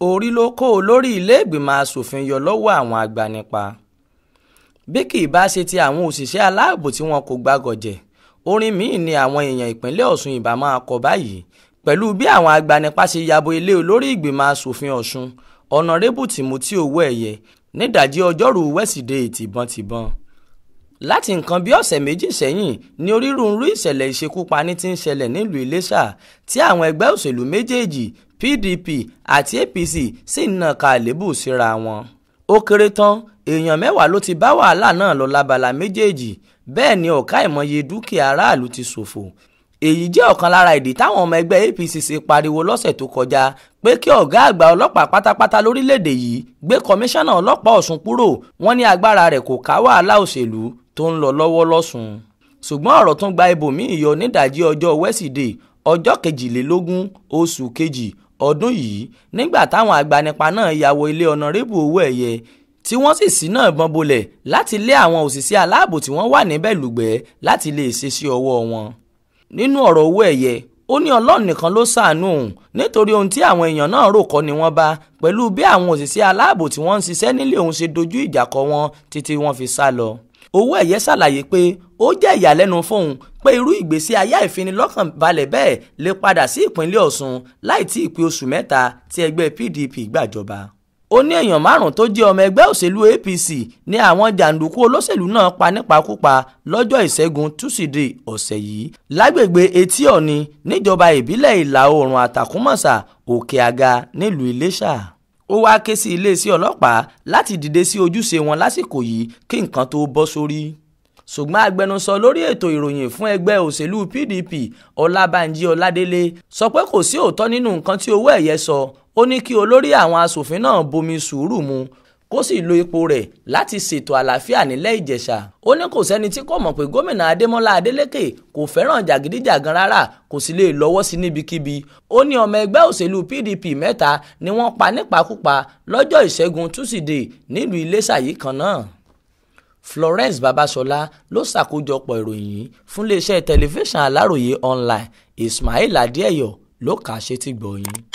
orí ló kó olórí ilé-ìgbìmọ̀ asòfin yọ lọ́wọ́ àwọn agbanipa bí kì í bá ṣe ti àwọn òṣìṣẹ́ aláàbò tí wọn kò gbàgọ̀jẹ̀ orin míì ni àwọn èèyàn ìpínlẹ̀ Ọ̀ṣun ìbá máa kọ báyìí pẹ̀lú bí àwọn agbanipa ṣe yabo ilé olórí ìgbìmọ̀ asòfin Ọ̀ṣun ọ̀nàrẹ́bù Timothy Owóẹ̀yẹ nídàjí ọjọ́rùú wẹ́sídẹ̀ẹ́ tìbọntìbọn láti nǹkan bí ọ̀sẹ̀ méjì sẹ́yìn ni onírúurú ìṣẹ̀lẹ̀ ìṣekúpani ti ń ṣẹlẹ̀ nílùú Iléṣà tí àwọn ẹgbẹ́ òṣèlú méjèèjì PDP àti APC sì ń nàka àlébù síra wọn. ó kéré tán èèyàn mẹ́wàá ló ti bá wàhálà náà lọ lábala méjèèjì bẹ́ẹ̀ ni ọ̀ka ìmọye dúkìá aráàlú ti ṣòfò èyí jẹ́ ọ̀kan lára ìdí táwọn ọmọ ẹgbẹ́ APC ṣe pariwo lọ́sẹ̀ tó kọjá pé kí ọ̀gá àgbà ọlọ́pàá pátápátá lórílẹ̀‐èdè yìí gbé kọmíṣánná ọlọ́pàá Ọ̀ṣun kúrò wọ́n ní agbára rẹ̀ kò ká wàhálà òṣèlú tó ń lọ lọ́wọ́ lọ́sùn ṣùgbọ́n ọ̀rọ̀ tún gba ibòmíì yọ nídàjí ọjọ́ wẹ́sídẹ̀ẹ́ ọjọ́ kejìlélógún oṣù kejì ọdún yìí nígbà táwọn agbanipa náà ya wọ ilé ọ̀nàrẹ́bù owó ẹ̀yẹ tí wọ́n sì ṣínà ìbọn bolẹ̀ láti lé àwọn òṣìṣẹ́ aláàbò tí wọ́n wà níbẹ̀ lùgbẹ́ láti lè ṣe sí ọwọ́ wọn. nínú ọ̀rọ̀ owó ẹ̀yẹ ó ní ọlọ́run nìkan ló ṣàánú òun nítorí ohun tí àwọn èèyàn náà rò kọ́ ni wọ́n bá pẹ̀lú bí àwọn òṣìṣẹ́ aláàbò tí wọ́n ń ṣiṣẹ́ nílé òun ṣe dojú ìjà kọ wọn títí wọ́n fi sá lọ owó ẹ̀yẹ ṣàlàyé pé ó jẹ́ ìyàlẹ́nu fóun pé irú ìgbésí ayé àìfinilọ́kànbalẹ̀ bẹ́ẹ̀ lè padà sí ìpínlẹ̀ Ọ̀ṣun láì tí ì pé oṣù mẹ́ta tí ẹgbẹ́ PDP gbàjọba ó ní èèyàn márùn-ún tó jẹ́ ọmọ ẹgbẹ́ òṣèlú APC ní àwọn jàǹdùkú olóṣèlú náà pa nípakúpa lọ́jọ́ ìṣẹ́gun túsídẹ̀ẹ́ ọ̀sẹ̀ yìí lágbègbè etí ọ̀ni níjọba ìbílẹ̀ ìlà oòrùn àtàkùnmọ̀sà òkè àga nílùú Iléṣà ó wáá ké sí iléeṣẹ́ ọlọ́pàá láti dìde sí ojúṣe wọn lásìkò yìí kí nǹkan tó bọ́ sórí ṣùgbọ́n agbẹnusọ lórí ètò ìròyìn fún ẹgbẹ́ òṣèlú PDP Ọlábànjí Ọládélé sọ pé kò sí òótọ́ nínú nǹkan tí owó ẹ̀yẹ sọ ó ní kí olórí àwọn asòfin náà bomi sùúrù mu kó sì lo ipò rẹ̀ láti ṣètò àlàáfíà nílẹ̀ ìjẹ̀ṣà ó ní kò sẹ́ni tí kò mọ̀ pé gómìnà adémọ́lá adélékè kò fẹ́ràn jàgídíjàgan rárá kò sì lè lọ́wọ́ sí níbikíbi ó ní ọmọ ẹgbẹ́ òṣèlú pdp mẹ́ta ni wọ́n pa nípakúpa lọ́jọ́ ìṣẹ́gun túsídẹ̀ẹ́ nílùú iléṣà yìí kan náà florence babasola ló ṣàkójọpọ̀ ìròyìn yìí fún iléeṣẹ́ tẹlifíṣàn aláròye online ismail adéẹ̀yọ̀ ló kà á ṣe ti gbọ̀yìn.